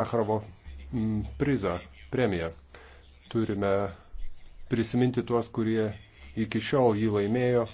Sakarovo mm, prizą, premiją. Turime prisiminti tuos, kurie iki šiol jį laimėjo.